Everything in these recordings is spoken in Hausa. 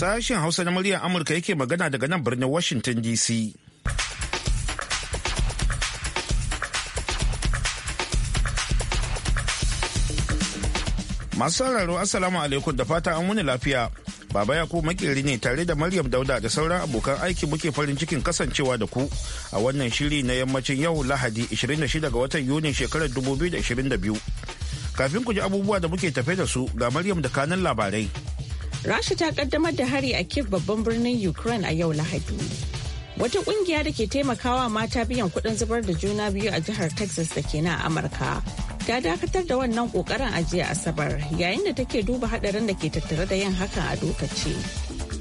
Sashen Hausa na muryar Amurka yake magana daga nan birnin Washington DC. Masu sauraro Assalamu alaikum da fata an wuni lafiya. Baba ya ku makeri ne tare da Maryam Dauda da sauran abokan aiki muke farin cikin kasancewa da ku a wannan shiri na yammacin yau Lahadi 26 ga watan Yuni shekarar 2022. Kafin ku ji abubuwa da muke tafe da su ga Maryam da kanan labarai. Rasha ta kaddamar da hari a Kiev babban birnin Ukraine a yau Lahadi. Wata kungiya da ke taimakawa mata biyan kuɗin zubar da juna biyu a jihar Texas da ke na Amurka ta dakatar da wannan kokarin ajiya asabar yayin da take duba hadarin da ke tattare da yin hakan a lokaci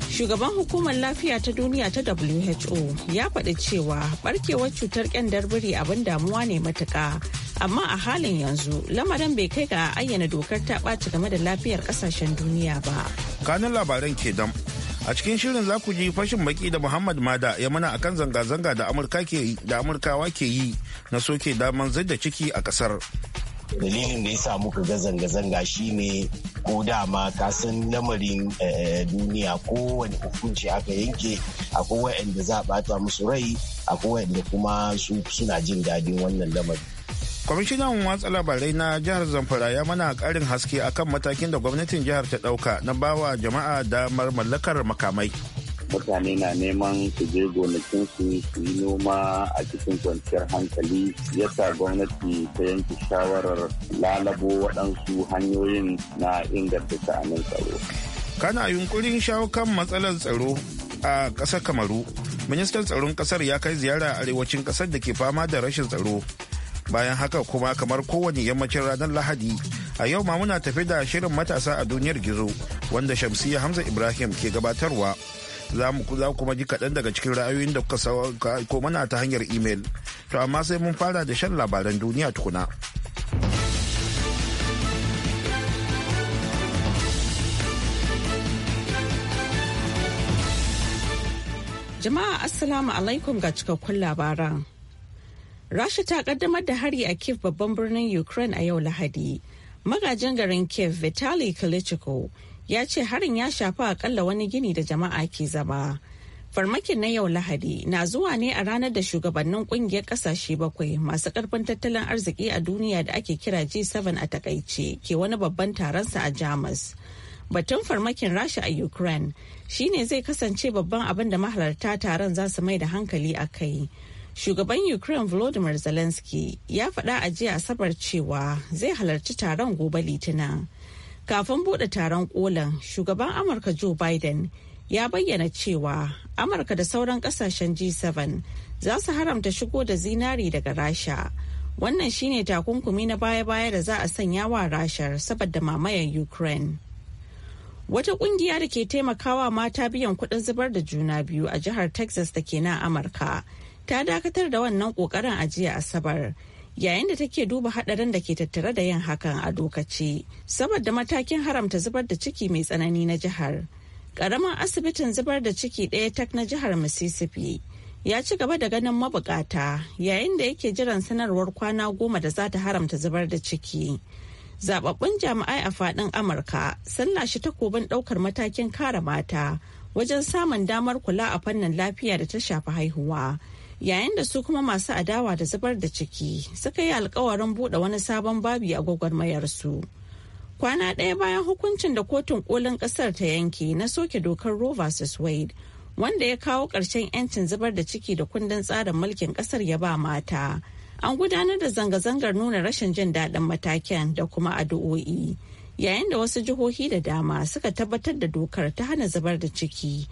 shugaban hukumar lafiya ta duniya ta who ya faɗi cewa barkewar cutar kyandar biri abin damuwa ne matuƙa amma a halin yanzu lamarin bai kai ga ayyana dokar ta ɓaci game da lafiyar ƙasashen duniya ba kanin labaran ke dam a cikin shirin za ku ji fashin baki da muhammad mada ya mana akan zanga-zanga da amurkawa ke yi na soke daman zai da ciki a kasar dalilin da ya sa muka ga zanga-zanga shine ko dama ka san lamarin eh, duniya ko wani hukunci aka yanke akwai wa'anda za a bata musu rai akwai wa'anda kuma su suna jin dadin wannan lamarin kwamishinan watsa labarai na jihar zamfara ya mana karin haske akan matakin da gwamnatin jihar ta dauka na bawa jama'a damar mallakar makamai mutane na neman su je gonakinsu su yi noma a cikin kwanciyar hankali yasa gwamnati ta yanke shawarar lalabo waɗansu hanyoyin na inganta sa'anin tsaro. kana yunkurin shawo kan matsalar tsaro a ƙasar kamaru ministan tsaron ƙasar ya kai ziyara a arewacin ƙasar da ke fama da rashin tsaro bayan haka kuma kamar kowane yammacin ranar lahadi a yau ma muna tafi da shirin matasa a duniyar gizo wanda shamsiya hamza ibrahim ke gabatarwa za ku kuma ji kaɗan daga cikin ra'ayoyin da kuka ko mana ta hanyar imel to amma sai mun fara da shan labaran duniya tukuna jama'a assalamu alaikum ga cikakkun labaran rasha ta kaddamar da hari a kiev babban birnin ukraine a yau lahadi magajin garin kiev vitali klitschko ya ce harin ya shafi akalla wani gini da jama'a ke zama. Farmakin na yau Lahadi na zuwa ne a ranar da shugabannin kungiyar kasashe bakwai masu karfin tattalin arziki a duniya da ake kira G7 a takaice ke wani babban taron taronsa a Jamus. Batun farmakin Rasha a Ukraine shine zai kasance babban abin da mahalarta taron za su mai da hankali a kai. shugaban ukraine volodymyr zelensky ya faɗa a jiya asabar cewa zai halarci taron gobe litinin Kafin bude taron kolan, shugaban Amurka Joe Biden ya bayyana cewa Amurka da sauran kasashen G7 za su haramta shigo da zinari daga Rasha. Wannan shine takunkumi na baya-baya da za a sanya wa Rashar saboda mamayar Ukraine. Wata kungiya da ke taimakawa mata biyan kuɗin zubar da juna biyu a jihar Texas da ke na Amurka ta dakatar da wannan ƙoƙarin a jiya Asabar. yayin da take duba hadarin da ke tattare da yin hakan a lokaci saboda matakin haramta zubar da ciki mai tsanani na jihar karamin asibitin zubar da ciki ɗaya tak na jihar mississippi ya ci gaba da ganin mabukata yayin da yake jiran sanarwar kwana goma da za ta haramta zubar da ciki zababbun jami'ai a faɗin amurka sun lashe takobin ɗaukar matakin kare mata wajen samun damar kula a fannin lafiya da ta shafi haihuwa yayin da su kuma masu adawa da zubar da ciki suka yi alkawarin buɗe wani sabon babi a gwagwarmayarsu kwana ɗaya bayan hukuncin da kotun kolin ƙasar ta yanke na soke dokar roe vs wade wanda ya kawo ƙarshen 'yancin zubar da ciki da kundin tsarin mulkin ƙasar ya ba mata an gudanar da zanga-zangar nuna rashin jin daɗin matakin da kuma addu'o'i yayin da wasu jihohi da dama suka tabbatar da dokar ta hana zubar da ciki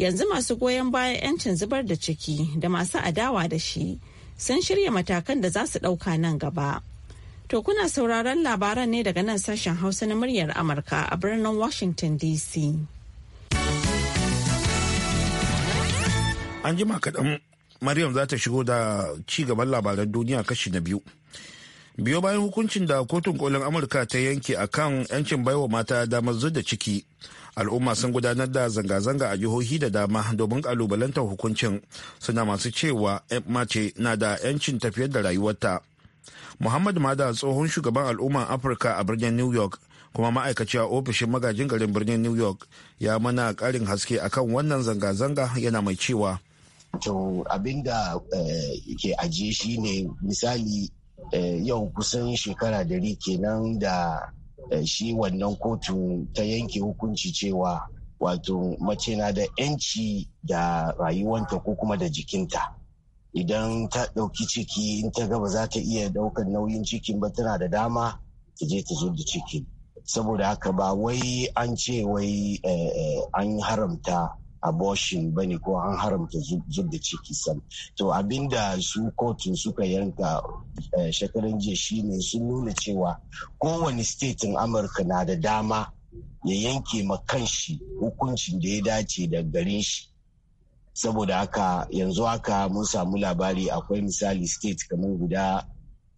yanzu masu goyon bayan 'yancin zubar da ciki da masu adawa da shi sun shirya matakan da za su ɗauka nan gaba. To kuna sauraron labaran ne daga nan sashen Hausa na muryar Amurka a birnin Washington DC. An jima kaɗan Maryam za ta shigo da ci gaban labaran duniya kashi na biyu. biyo bayan hukuncin da kotun kolin amurka ta yanke a kan 'yancin baiwa mata damar da ciki al'umma sun gudanar da zanga-zanga a jihohi da dama domin kalubalantar hukuncin suna masu cewa mace na da 'yancin tafiyar da rayuwarta muhammad mada tsohon shugaban al'umman afirka a birnin new york kuma ma'aikaci a ofishin magajin garin birnin new york ya mana karin haske akan wannan zanga-zanga yana mai cewa abin da eh, ke ajiye shi ne misali Eh, yau kusan shekara dari kenan da eh, shi wannan kotu ta yanke hukunci cewa wato mace na da 'yanci da rayuwanta ko kuma da jikinta idan ta ɗauki ciki in ta gaba za ta iya ɗaukar nauyin cikin ba tana da dama ta je ta zo da ciki saboda haka ba wai an ce wai eh, an haramta abortion ba ne ko an haramta zub da ciki sam to abinda su kotun suka yanka eh, shekaran jiya shine sun nuna cewa kowane statin amurka na da dama ya yanke makanshi hukuncin da ya dace da garin shi saboda haka yanzu haka mun samu labari akwai misali state kamar guda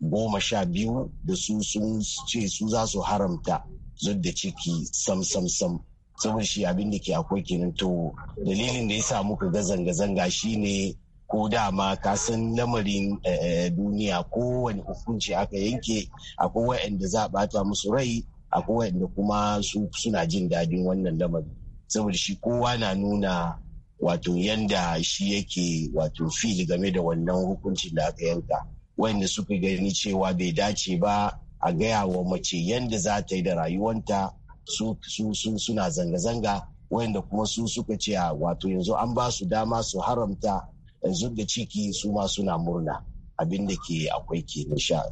goma sha biyu da su sun ce su za su haramta zub da ciki sam sam sam saboda shi abin da ke akwai kenan to dalilin da ya sa muka ga zanga-zanga shi ne ko dama ka san lamarin eh, duniya kowane hukunci aka yanke akwai wa'anda za a bata musu rai akwai wa'anda kuma su suna jin dadin wannan lamarin saboda shi kowa na nuna wato yanda shi yake wato fili game da wannan hukuncin da aka yanka wa'anda suka gani cewa bai dace ba a gaya wa mace yanda za ta yi da rayuwanta su suna zanga-zanga wayanda kuma su suka ce ah, wato yanzu an ba su dama su haramta yanzu da ciki su ma suna murna abin da ke akwai ke nisha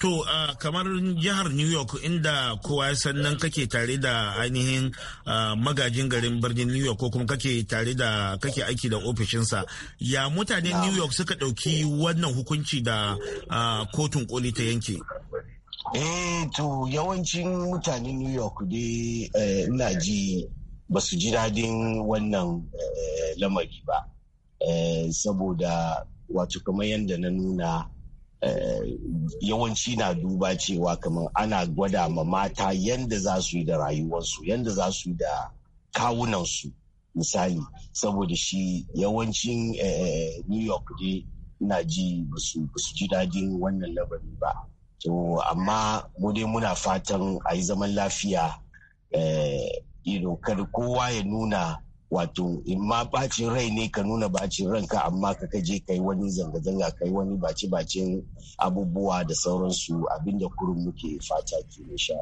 To kamar jihar New York inda kowa ya nan kake tare da ainihin uh, magajin garin birnin New York ko kuma kake tare da kake aiki da ofishinsa ya mutanen New York suka ɗauki wannan hukunci da uh, kotun koli ta yanke. eh to yawancin mutanen new york dai eh, ina ji ba su ji daɗin wannan eh, lamari ba eh, saboda wato kamar yadda na nuna yawanci na duba cewa kamar ana gwada ma mata yadda za su yi da rayuwarsu yadda za su yi da kawunansu misali saboda shi yawancin new york dai ina ji ba su ji daɗin wannan lamari ba to amma mu dai muna fatan a yi zaman lafiya ido eh, kada kowa ya nuna wato in ma bacin rai ne ka nuna bacin ranka amma ka kaje kai wani zanga-zanga kai wani bace-bacen abubuwa da sauransu abinda kurin muke fata ke sha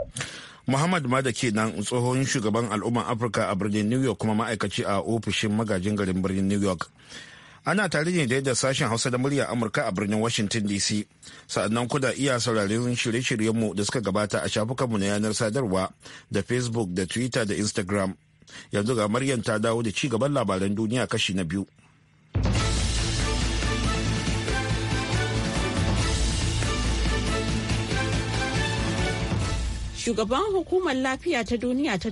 Muhammad Mada ke nan tsohon shugaban al'ummar Afirka a birnin New York kuma ma'aikaci a ofishin magajin garin birnin New York. ana tare ne da sashen hausa da murya amurka a birnin washington dc sa'annan kuda iya sauraron shirye-shiryenmu da suka gabata a shafukanmu na yanar sadarwa da facebook da twitter da instagram yanzu ga maryam ta dawo da ci gaban labaran duniya kashi na biyu shugaban hukumar lafiya ta duniya ta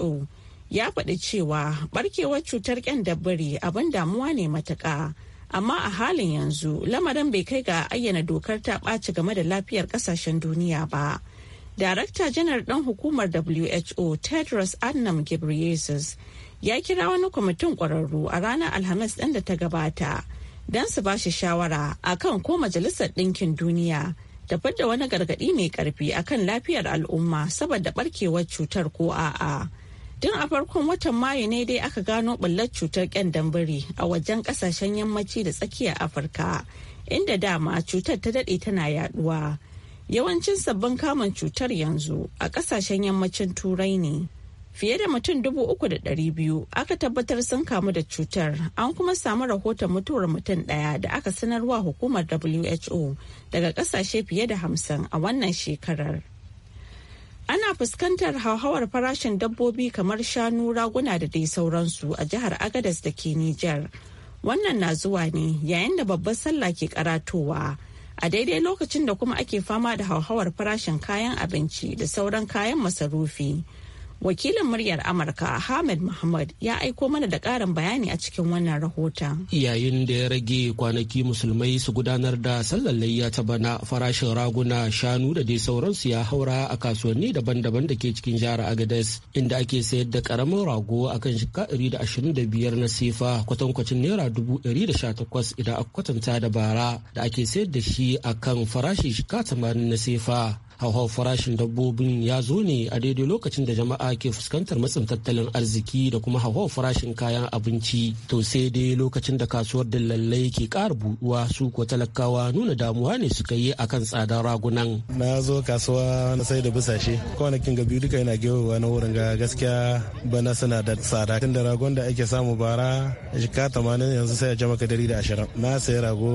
who ya faɗi cewa barkewar cutar biri abin damuwa ne matuƙa amma a halin yanzu lamarin bai kai ga ayyana dokar ta ɓaci game da lafiyar ƙasashen duniya ba darakta janar ɗan hukumar who tedros adnam ghebreyesus ya kira wani kwamitin ƙwararru a ranar alhamis ɗin da ta gabata don su ba shi shawara akan ko majalisar ɗinkin duniya da fadda wani gargaɗi mai ƙarfi akan lafiyar al'umma saboda ɓarkewar cutar ko a'a. Tun a farkon watan Mayu ne dai aka gano ɓullar cutar kyandambari a wajen ƙasashen yammaci da tsakiyar Afirka, inda dama cutar ta daɗe tana yaɗuwa. Yawancin sabbin kamun cutar yanzu a ƙasashen yammacin Turai ne. Fiye da mutum dubu uku da ɗari biyu aka tabbatar sun kamu da cutar, an kuma samu rahoton mutuwar mutum ɗaya da aka sanarwa hukumar WHO daga ƙasashe fiye da hamsin a wannan shekarar. Ana fuskantar hauhawar farashin dabbobi kamar shanu raguna da dai sauransu a jihar Agadas da ke Nijar. Wannan na zuwa ne yayin da babbar sallah ke karatowa a daidai lokacin da kuma ake fama da hauhawar farashin kayan abinci da sauran kayan masarufi. wakilin muryar amurka hamid muhammad ya aiko mana da karin bayani a cikin wannan rahoton yayin da ya rage kwanaki musulmai su gudanar da sallar layya ta bana farashin raguna shanu da dai sauransu ya haura a kasuwanni daban-daban da ke cikin jihar agadez inda ake sayar da karamin rago a akan shika biyar na sefa kwatankwacin naira takwas idan aka kwatanta da bara da ake sayar da shi a kan farashin shika 80 na sefa hauhawar farashin dabbobin ya zo ne a daidai lokacin da jama'a ke fuskantar matsin tattalin arziki da kuma hauhawar farashin kayan abinci to sai dai lokacin da kasuwar dalallai ke kara buɗuwa su ko talakawa nuna damuwa ne suka yi kan tsadar ragunan na zo kasuwa na sai da busashe kwanakin ga biyu duka yana gewa na wurin ga gaskiya bana suna da tsada tun da ragon da ake samu bara jika tamanin yanzu sai a jama ka dari da ashirin na sayi rago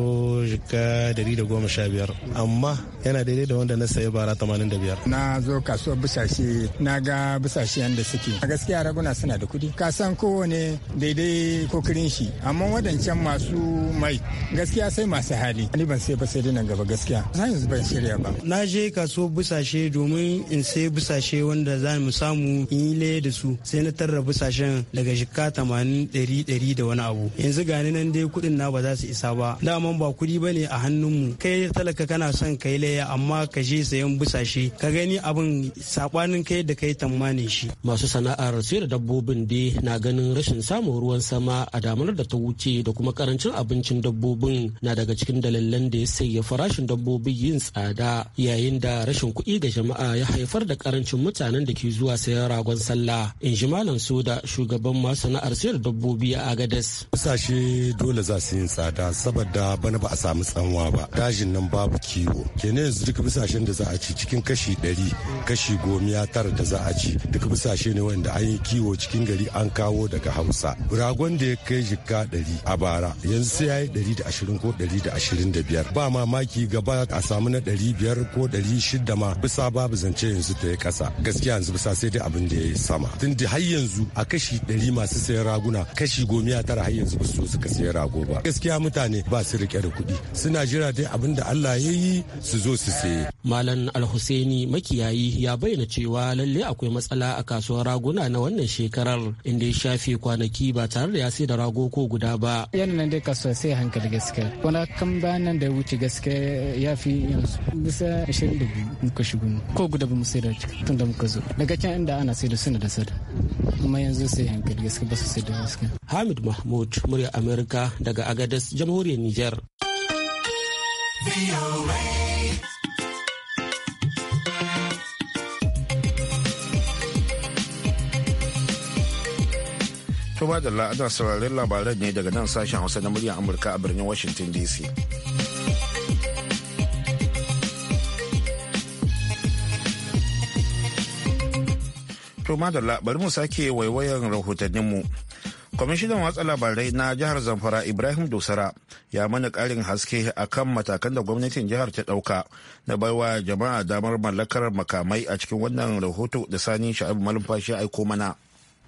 jika dari da goma sha biyar amma yana daidai da wanda na sayi bara shekara 85 na zo kaso busashe na ga busashe yadda suke a gaskiya raguna suna da kudi ka san kowane daidai kokarin shi amma wadancan masu mai gaskiya sai masu hali ni ban sai ba sai nan gaba gaskiya zan yanzu ban shirya ba na je kasuwar busashe domin in sai busashe wanda za mu samu in yi da su sai na tarra busashen daga shika 80 100 da wani abu yanzu gani nan dai kudin na ba za su isa ba daman ba kudi bane a hannunmu kai talaka kana son kai laya amma ka je sayan bisa shi ka gani abin sabanin kai da kai tammanin shi masu sana'ar sayar dabbobin dai na ganin rashin samun ruwan sama a damar da ta wuce da kuma karancin abincin dabbobin na daga cikin dalilan da ya sanya farashin dabbobi yin tsada yayin da rashin kuɗi ga jama'a ya haifar da karancin mutanen da ke zuwa sayan ragon sallah in ji malam soda shugaban masu sana'ar sayar dabbobi a agadas kasashe dole za su yin tsada saboda bana ba a samu tsanwa ba dajin nan babu kiwo kenan yanzu duka bisashen da za a ci cikin kashi ɗari kashi gomiya tara da za a ci duk bisashe ne wanda an yi kiwo cikin gari an kawo daga hausa ragon da ya kai jikka ɗari a bara yanzu sai ya yi ɗari ko ɗari biyar ba mamaki gaba a samu na ɗari ko ɗari ma bisa babu zance yanzu da ya kasa gaskiya yanzu bisa sai dai abin da ya yi sama tun da har yanzu a kashi ɗari masu sayan raguna kashi gomiya tara har yanzu ba su suka sayi rago ba gaskiya mutane ba su riƙe da kuɗi suna jira dai abin da Allah ya yi su zo su saye. Malam alhusaini makiyayi ya bayyana cewa lalle akwai matsala a kasuwar raguna na wannan shekarar inda ya shafe kwanaki ba tare da ya sai da rago ko guda ba yana nan dai kasuwa sai hankali gaske wani kan bayan nan da wuce gaske ya fi yanzu bisa ashirin da muka shigo ko guda ba mu sai da tun da muka zo daga can inda ana sai da suna da sada amma yanzu sai hankali gaske ba su sai da gaske hamid mahmud murya amerika daga Agadez jamhuriyar Nijar. Be your way. To ba da la'adar sauraren labaran ne daga nan sashen Hausa na muryar Amurka a birnin Washington DC. To da bari mu sake waiwayan rahotanninmu. Kwamishinan watsa labarai na jihar Zamfara Ibrahim Dosara ya mana ƙarin haske a kan matakan da gwamnatin jihar ta ɗauka na baiwa jama'a damar mallakar makamai a cikin wannan rahoto da sani sha'ib malumfashi aiko mana.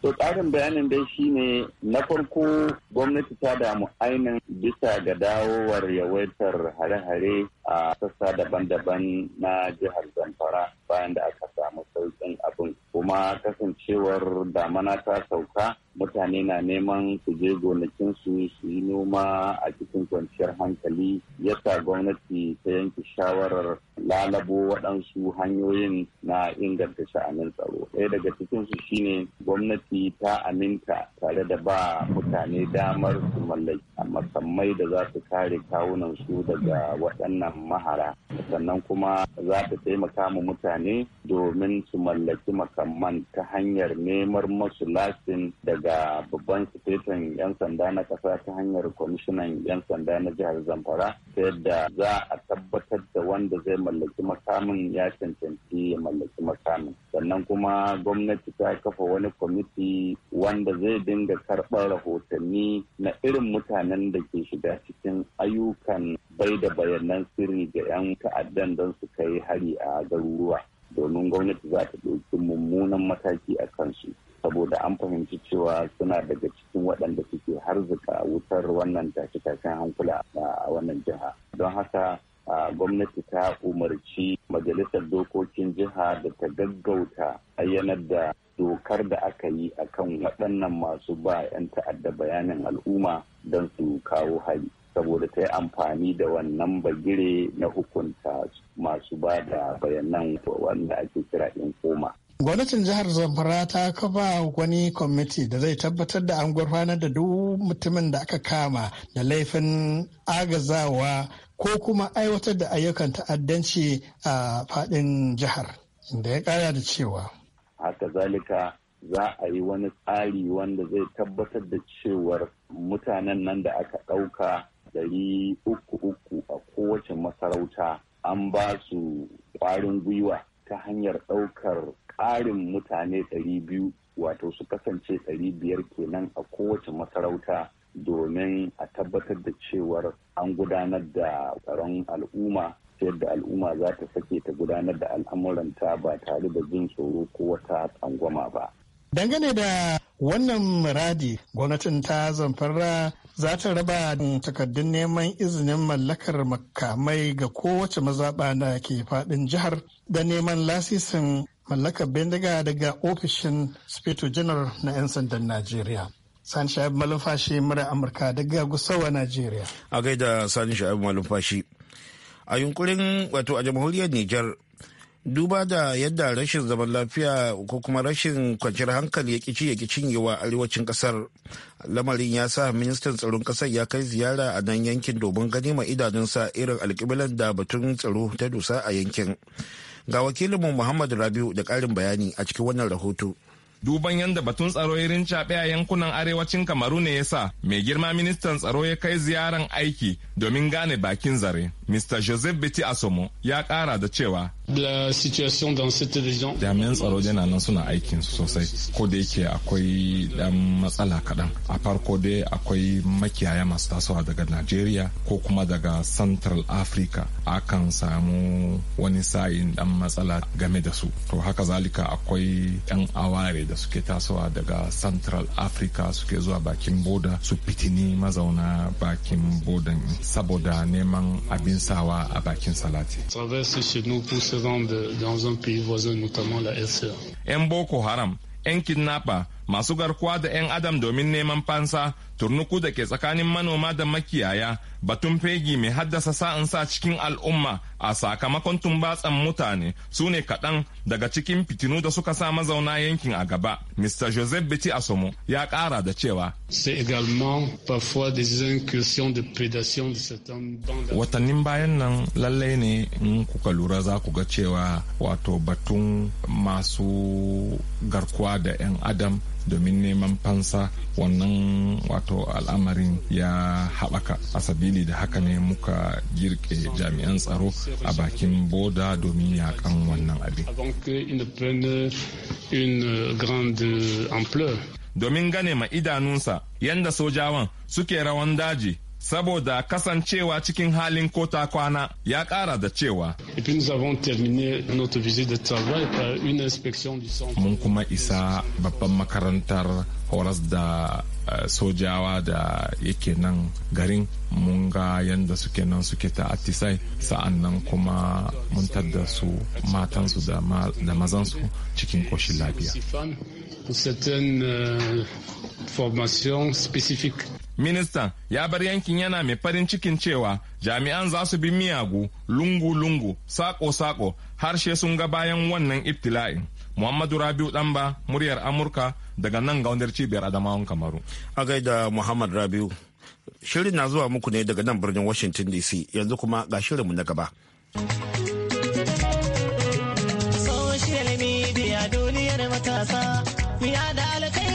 To tsarin bayanin dai shine na farko gwamnati ta damu ainin bisa ga dawowar yawaitar hare-hare a sassa daban-daban na jihar zamfara bayan da aka samu sauƙin abin kuma kasancewar damana ta sauka mutane na neman su je gonakinsu su yi noma a cikin kwanciyar hankali yasa gwamnati ta yanke shawarar lalabo waɗansu hanyoyin na inganta sha'anin tsaro ɗaya daga cikinsu shine gwamnati ta aminta tare da ba mutane damar su mallaki a da za su kare kawunan su daga waɗannan mahara sannan kuma za ta taimaka mu mutane domin su mallaki makamman ta hanyar nemar masu lasin daga babban sifetin 'yan sanda na kasa ta hanyar kwamishinan 'yan sanda na jihar zamfara ta yadda za a tabbatar da wanda zai mallaki makamin ya cancanci ya mallaki makamin sannan kuma gwamnati ta kafa wani kwamiti wanda zai dinga karɓar rahotanni na irin mutanen da ke shiga cikin ayyukan bai da bayanan sirri ga 'yan ta'addan don su kai hari a garuruwa domin gwamnati za ta ɗauki mummunan mataki a kansu saboda an fahimci cewa suna daga cikin waɗanda suke harzuka wutar wannan tashi tashen hankula a wannan jiha don haka gwamnati ta umarci majalisar dokokin jiha da ta gaggauta ayyanar da dokar da aka yi akan waɗannan masu ba 'yan ta'adda bayanin al'umma don su kawo hari saboda ta yi amfani da wannan bagire na hukunta masu ba da bayanan wanda ake kira koma. gwamnatin jihar zamfara ta kafa wani kwamiti da zai tabbatar da an gurfanar da duk mutumin da aka kama da laifin agazawa ko kuma aiwatar da ayyukan ta'addanci a fadin jihar da ya kara da cewa haka zalika za a yi wani tsari wanda zai tabbatar da cewar mutanen nan da aka ɗauka ɗari uku uku a kowace masarauta an ba su ƙwarin gwiwa ta hanyar ɗaukar ƙarin mutane ɗari biyu wato su kasance ɗari biyar kenan a kowace masarauta domin a tabbatar da cewar an gudanar da tsaron al'umma yadda al'umma za ta sake ta gudanar da al'amuranta ba tare da jin tsoro ko wata tsangwama ba Dangane da wannan muradi, gwamnatin ta zamfara za ta raba takardun neman izinin mallakar makamai ga kowace mazaɓa da ke faɗin jihar da neman lasisin mallakar bindiga daga ofishin Sufeto General na 'yan sandan Najeriya. Sani Sha'ib Malumfashi mura Amurka daga Gusawa, Najeriya. A gaida Sani Sha'ib Malumfashi. A yunkurin wato a jamhuriyar Nijar duba da yadda rashin zaman lafiya ko kuma rashin kwanciyar hankali ya kici ya cinyewa arewacin kasar lamarin ya sa ministan tsaron kasar ya kai ziyara a nan yankin domin gani ma idanunsa irin alkibilan da batun tsaro ta dusa a yankin ga wakilinmu muhammad rabiu da karin bayani a cikin wannan rahoto duban yadda batun tsaro ya rincaɓe a yankunan arewacin kamaru ne ya sa mai girma ministan tsaro ya kai ziyaran aiki domin gane bakin zare mr joseph biti asomo ya kara da cewa La situation dans cette région. Jami'an tsaro yana nan suna aikin su sosai ko da yake akwai dan matsala kaɗan. A farko dai akwai makiyaya masu tasowa daga Najeriya ko kuma daga Central Africa akan samu wani sa'in dan matsala game da su. To haka zalika akwai 'yan aware da suke tasowa daga Central Africa suke zuwa bakin boda su fitini mazauna bakin bodan saboda neman abin sawa a bakin salati. Traverse présents de, dans un pays voisin, notamment la RCA. E 'Yan Boko Haram, 'yan kidnapper masu garkuwa da 'yan adam domin neman fansa turnuku da ke tsakanin manoma da makiyaya batun fegi mai haddasa sa'in sa cikin al'umma a sakamakon tumbatsan mutane su ne kaɗan daga cikin fitinu da suka sa mazauna yankin a gaba mr joseph biti asomo ya ƙara da cewa watannin bayan nan lallai ne in kuka lura za ku ga cewa wato batun masu garkuwa da 'yan adam domin neman fansa wannan wato al'amarin ya haɓaka a sabili da haka ne muka girke jami'an tsaro a bakin boda domin yakan wannan abin domin gane ma idanunsa yadda sojawan suke rawan daji saboda kasancewa cikin halin kota kwana ya kara da cewa mun kuma isa babban makarantar horas da eh, sojawa da yake nan garin mun ga yadda suke nan suke ta atisai sa'an nan kuma mun tadda su matansu da mazansu cikin koshin lafiya. Ministan ya bar yankin yana mai farin cikin cewa jami'an za su bi miyagu lungu-lungu sako-sako harshe sun ga bayan wannan ibtila'in. Muhammadu Rabiu Ɗanba muryar Amurka daga nan gaunar cibiyar Adamawan Kamaru. A gaida Muhammad Rabiu. Shirin na zuwa muku ne daga nan birnin Washington DC yanzu kuma ga shirinmu na gaba. Social media duniyar matasa, da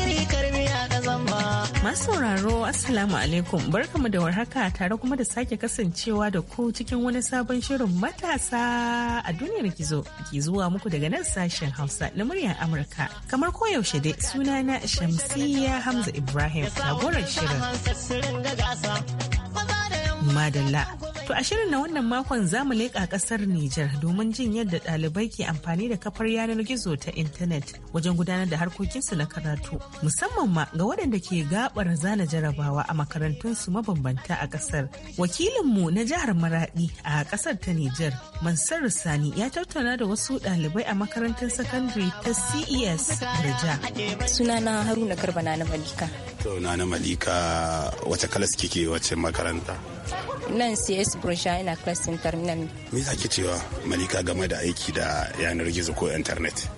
Masu sauraro Assalamu alaikum barkamu da warhaka tare kuma da sake kasancewa da ku cikin wani sabon shirin matasa a duniyar gizo ke zuwa muku daga nan sashen Hausa na muryar Amurka. Kamar koyaushe dai sunana Shamsiyya Hamza Ibrahim jagorar shirin. madalla. To a shirin na wannan makon za mu leƙa ƙasar Nijar domin jin yadda ɗalibai ke amfani da kafar yanar gizo ta intanet wajen gudanar da harkokinsu na karatu musamman ma ga waɗanda ke gaɓar zana jarabawa a makarantunsu mabambanta a ƙasar. Wakilinmu na jihar Maraɗi a ƙasar ta Nijar, Mansur Sani ya tattauna da wasu ɗalibai a makarantar sakandare ta CES suna Sunana Haruna karba na Malika. To na Malika wace kalas kike ke wace makaranta? nan cs brusha ina klasin terminal me ake cewa malika game da aiki da yanar gizo ko internet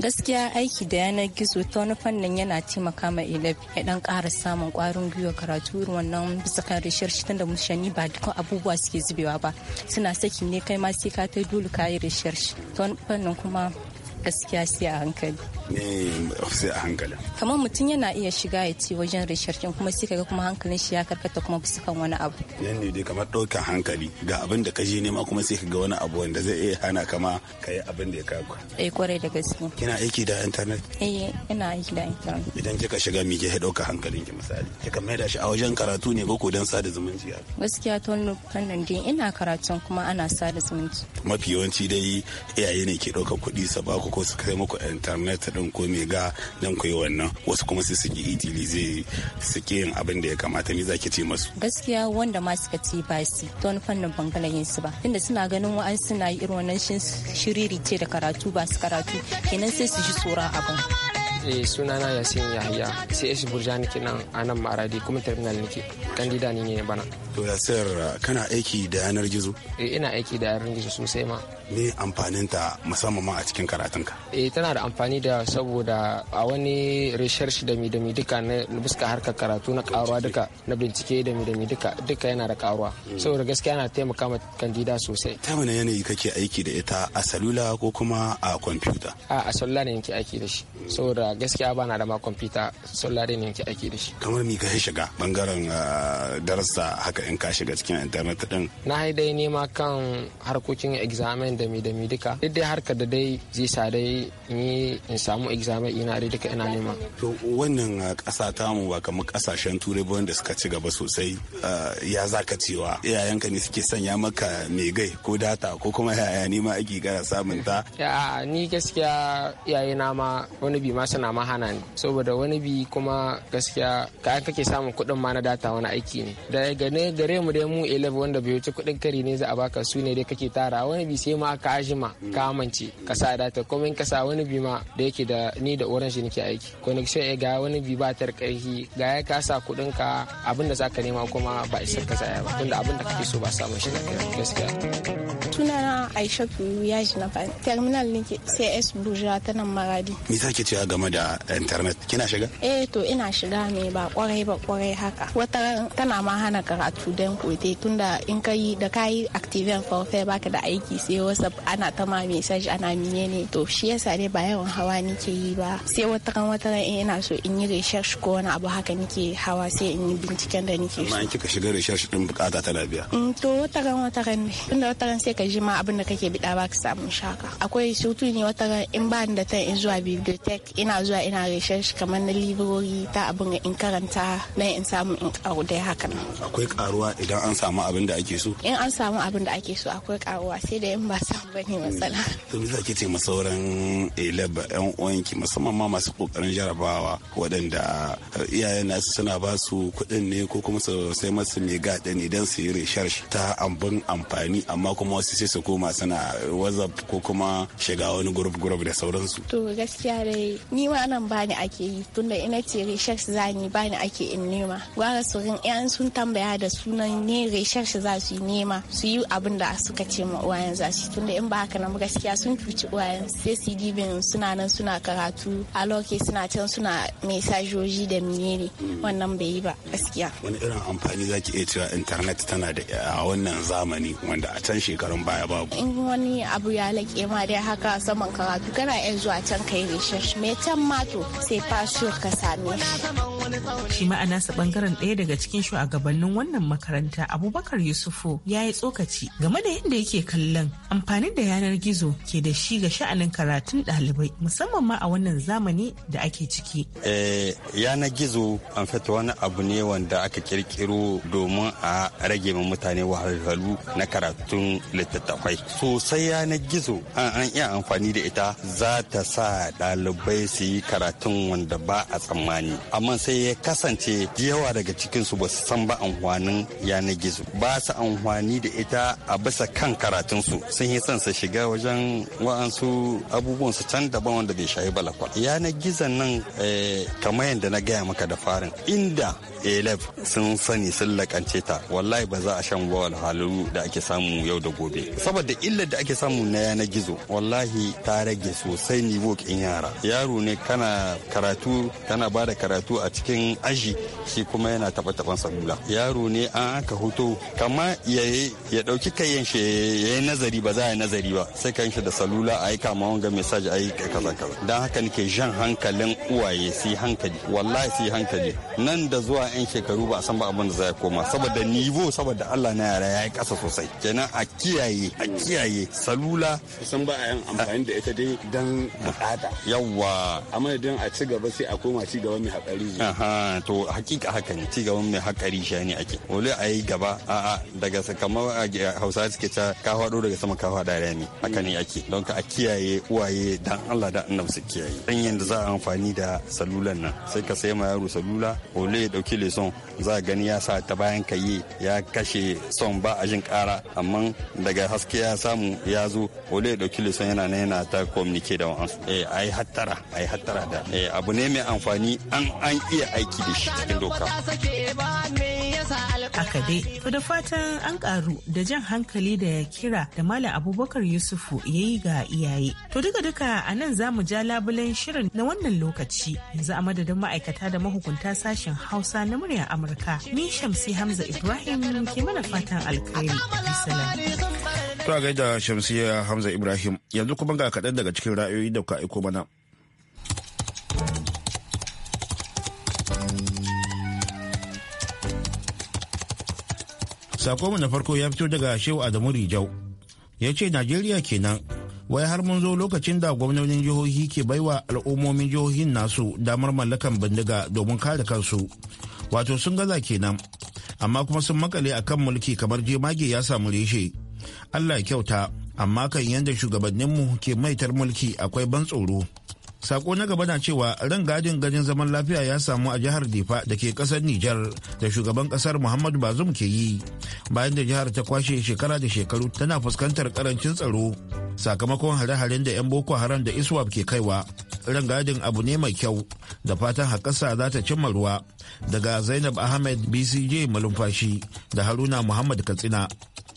gaskiya aiki da yanar gizo ta wani fannin yana taimaka ma ilab ya dan ƙara samun kwarin gwiwa karatu wannan bisa kan research tunda mushani ba dukkan abubuwa suke zubewa ba suna saki ne kai ma sai ka ta dole ka yi research ta wani fannin kuma gaskiya sai a hankali ofisai a hankali. kamar mutum yana iya shiga ya ce wajen rishirkin kuma sai kaga kuma hankalin shi ya karkata kuma bisa kan wani abu yan ne dai kamar ɗaukan hankali ga abin da ka je nema kuma sai kaga wani abu wanda zai iya hana kama ka yi abin da ya kaku eh kwarai da gaske kina aiki da internet eh ina aiki da internet idan kika shiga mi ke ɗauka hankalin ki misali kika maida shi a wajen karatu ne ko dan sada zumunci gaskiya ta wani fannin dai ina karatun kuma ana sada zumunci mafi yawanci dai iyaye ne ke ɗauka kuɗi su ba ku ko su kai muku internet ɗin ko mai ga don ku wannan wasu kuma sai suke itili zai suke yin abin da ya kamata me zaki ce masu gaskiya wanda ma suka ci ba su ta fannin su ba tunda suna ganin wa'an suna yi irin wannan shiriri ce da karatu ba su karatu kenan sai su ji tsoron abin eh na Yasin Yahya CS nake nan a nan Maradi kuma terminal nake kandida ne ne bana to Yasir kana aiki da yanar gizo eh ina aiki da yanar gizo sosai ma me amfanin ta musamman ma a cikin karatunka eh tana da amfani da saboda a wani research da mi da mi duka na buska harkar karatu na karuwa duka na bincike da mi da mi duka duka yana da karuwa mm. saboda gaskiya yana taimaka ma kandida sosai ta wani yanayi kake aiki da ita a salula ko kuma a kwamfuta a a salula ne nake aiki da shi mm. saboda gaskiya ba na da ma kwamfuta solare ne ke aiki da shi kamar mi ka shiga bangaren ah, darasa haka in ka shiga cikin internet din na dai nema kan harkokin examen da mi da mi duka duk dai harkar da dai zai sa dai in in samu examen ina dai duka ina nema to wannan kasa ah, ta mu ba kamar kasashen turai ba wanda suka ci gaba sosai ah, ya zaka cewa iyayenka ne suke sanya maka mai gai ko data ko kuma yaya ne ma ake gara samun ta ni gaskiya iyayena ma wani bi ma suna mahana ni saboda wani bi kuma gaskiya ka kake samun kuɗin ma na data wani aiki ne da gane gare mu dai mu 11 wanda bai wuce kuɗin kari ne za a baka su ne dai kake tara wani bi sai ma ka ma ka amince ka sa data kuma in ka sa wani bi ma da yake da ni da orange shi nake aiki connection ga wani bi ba ta karhi ga ya ka sa kuɗin ka abin da zaka nema kuma ba isa ka saya ba tunda abin da kake so ba samun shi gaskiya sunana ya Yaji na terminal ke CS Buja ta nan Maradi me ke ce game da internet kina shiga eh to ina shiga ne ba kwarai ba kwarai haka wata tana ma hana karatu dan kote tunda in kai da kai active fair baka da aiki sai whatsapp ana ta ma message ana miye ne to shi yasa dai ba yawan hawa nake yi ba sai wata kan wata in ina so in yi research ko wani abu haka nake hawa sai in yi binciken da nake so amma kika shiga research din bukata tana mm to wata kan wata kan ne tunda wata kan sai ka ji ma abin da kake bida ba ka samu shaka akwai sutu ne wata in ba da ta in zuwa bibliotheque ina zuwa ina gaishe shi kamar na librori ta abin in karanta na in samu in karu dai haka nan akwai karuwa idan an samu abin da ake so in an samu abin da ake so akwai karuwa sai da in ba samu bane matsala hmm. to me zaki ce sauran eleba eh, yan uwanki musamman ma masu kokarin jarabawa waɗanda eh, iyayen nasu suna ba su kuɗin ne ko kuma su sai masu mai gaɗa ne don su yi research ta abin amfani amma kuma wasu sai su koma suna eh, wazab ko kuma shiga wani gurub-gurub da sauransu to gaskiya dai ni ma nan ba ni ake yi tunda ina ce research za ni ba ni ake in nema gwara su rin yan sun tambaya da sunan ne research za su yi nema su yi abin da suka ce ma uwayen za su tunda in ba haka nan gaskiya sun cuci uwayen sai su dibin suna nan suna karatu a loke suna can suna mesajoji da menene wannan bai yi ba gaskiya wani irin amfani za ki iya cewa internet tana da eh, a wannan zamani wanda a can shekarun baya babu in wani abu ya laƙe ma dai haka saman karatu kana yan zuwa can kai research me can mako sai fa ka same shi. Shi ma a nasa bangaren ɗaya daga cikin shugabannin wannan makaranta Abubakar Yusufu ya yi tsokaci game da yadda yake kallon amfani da yanar gizo ke da shi ga sha'anin karatun ɗalibai musamman ma a wannan zamani da ake ciki. Eh, yanar gizo an fata wani abu ne wanda aka kirkiro domin a rage ma mutane wahalhalu na karatun littattafai. Sosai yanar gizo an iya amfani da ita za ta sa ɗalibai su yi karatun wanda ba a tsammani. Amma sai ya kasance yawa daga cikinsu ba su san ba amfanin yanar gizo ba su amfani da ita a bisa kan karatunsu sun yi son su shiga wajen wa'ansu abubuwan su can daban wanda bai shayi balakwa yanar gizon nan eh, kamar yadda na gaya maka da farin inda elef sun sani sun lakance ta wallahi ba za a shan ba halu da ake samu yau da gobe saboda illar da ake samu na yanar gizo wallahi ta rage sosai nivo in yara yaro ne kana karatu kana ba da karatu a cikin aji shi kuma yana taba taban sabula yaro ne an aka hoto kama ya dauki kayan shi ya yi nazari ba za a yi nazari ba sai kan shi da salula a yi kama wanga message a yi kaza kaza dan haka nake jan hankalin uwaye su hankali wallahi su hankali nan da zuwa yan shekaru ba a san ba abin da za ya koma saboda nivo saboda Allah na yara ya yi kasa sosai kenan a kiyaye a kiyaye salula san ba a yan amfani da ita dai dan bukata yawwa amma idan a ci gaba sai a koma ci gaba mai haƙari ha to hakika haka ne ci gaban mai hakari shi ne ake wani a yi gaba a a daga kamar hausa suke ta ka faɗo daga sama ka faɗa ne haka ne ake don ka a kiyaye uwaye dan Allah da annabi su kiyaye dan yanda za a amfani da salulan nan sai ka sai ma yaro salula wale ya dauki leson za gani ya sa ta bayan ka yi ya kashe son ba a jin kara amma daga haske ya samu ya zo wale ya dauki leson yana na yana ta communicate da wa'ansu eh ai hattara ai hattara da eh, abu ne mai amfani an an iya aiki da shi cikin doka. Haka dai, da fatan an karu da jan hankali da ya kira da Malam Abubakar Yusufu ya yi ga iyaye. To duka duka a nan za mu ja labulen shirin na wannan lokaci yanzu a madadin ma'aikata da mahukunta sashen Hausa na muryar Amurka. Ni Shamsi Hamza Ibrahim ke mana fatan alkhairi. To a gaida Shamsiya Hamza Ibrahim yanzu kuma ga kaɗan daga cikin ra'ayoyi da ka aiko mana. Sako na farko ya fito daga Shehu Adamu Rijau. Ya ce Najeriya kenan wai har mun zo lokacin da gwamnonin jihohi ke baiwa al'ummomin jihohin nasu damar mallakan bindiga domin kare kansu wato sun gaza kenan amma kuma sun makale a kan mulki kamar jemage ya samu reshe allah kyauta amma kan yadda shugabanninmu ke maitar mulki akwai ban tsoro sako na gaba na cewa rangadin gadin ganin zaman lafiya ya samu a jihar difa da ke kasar nijar da shugaban kasar muhammadu bazum ke yi bayan da jihar ta kwashe shekara da shekaru tana fuskantar karancin tsaro sakamakon hare-haren da 'yan boko haram da iswap ke kaiwa rangadin abu ne mai kyau da fatan hakasa za ta cimma ruwa daga zainab ahmed bcj malumfashi da haruna muhammad katsina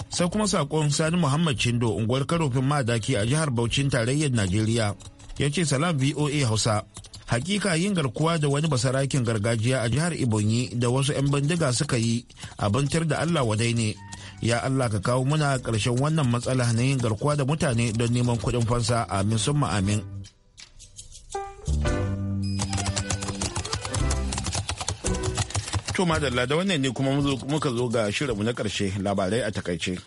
sai kuma sakon sani muhammad chindo unguwar karofin madaki a jihar Bauchin tarayyar najeriya ya ce salam voa hausa hakika yin garkuwa da wani basarakin gargajiya a jihar ibonyi da wasu 'yan bindiga suka yi abantar da allah wadai ne ya allah ka kawo muna karshen wannan matsala na yin garkuwa da mutane don neman kudin fansa amin summa amin to madalla da wannan ne kuma muka zo ga shirinmu na karshe labarai a takaice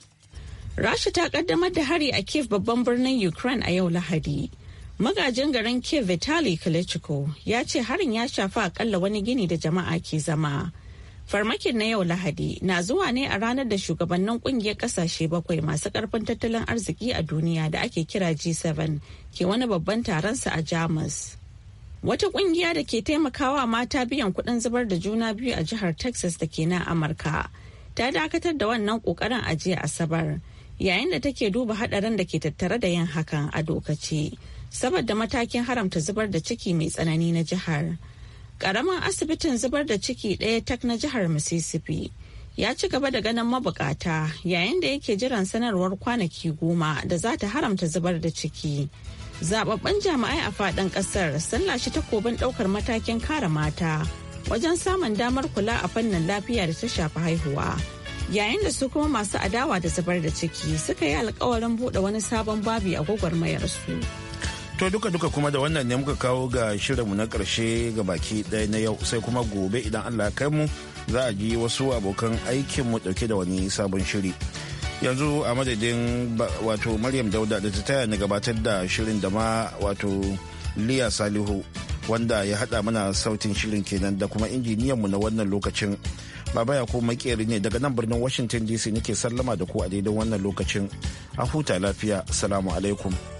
rasha ta kaddamar da hari a kiev babban birnin ukraine a yau lahadi Magajin garin ke Vitali Klitschko ya ce harin ya shafi akalla wani gini da jama'a ke zama. Farmakin na yau Lahadi na zuwa ne a ranar da shugabannin kungiyar kasashe bakwai masu karfin tattalin arziki a duniya da ake kira G7 ke wani babban taron taronsa a Jamus. Wata kungiya da ke taimakawa mata biyan kudin zubar da juna biyu a jihar Texas da ke nan Amurka ta dakatar da wannan kokarin a Asabar yayin da take duba hadarin da ke tattare da yin hakan a dokaci. saboda matakin haramta zubar da ciki mai tsanani na jihar. ƙaramin asibitin zubar da ciki ɗaya tak na jihar Mississippi ya ci gaba da ganin mabukata yayin da yake jiran sanarwar kwanaki goma da za ta haramta zubar da ciki. Zababban jami'ai a faɗin ƙasar sun lashe takobin ɗaukar matakin kare mata wajen samun damar kula a fannin lafiya da ta shafi haihuwa. yayin da su kuma masu adawa da zubar da ciki suka yi alkawarin buɗe wani sabon babi a gwagwarmayarsu. su. To duka-duka kuma da wannan ne muka kawo ga shirinmu na ƙarshe ga baki ɗaya na yau sai kuma gobe idan Allah kai mu za a ji wasu abokan aikinmu ɗauke da wani sabon shiri. Yanzu a madadin wato Maryam Dauda da ta taya ni gabatar da shirin da ma wato Liya Salihu wanda ya haɗa mana sautin shirin kenan da kuma injiniyanmu na wannan lokacin. Baba ya ko makeri ne daga nan birnin Washington DC nake sallama da ku a daidai wannan lokacin. A huta lafiya. Salamu alaikum.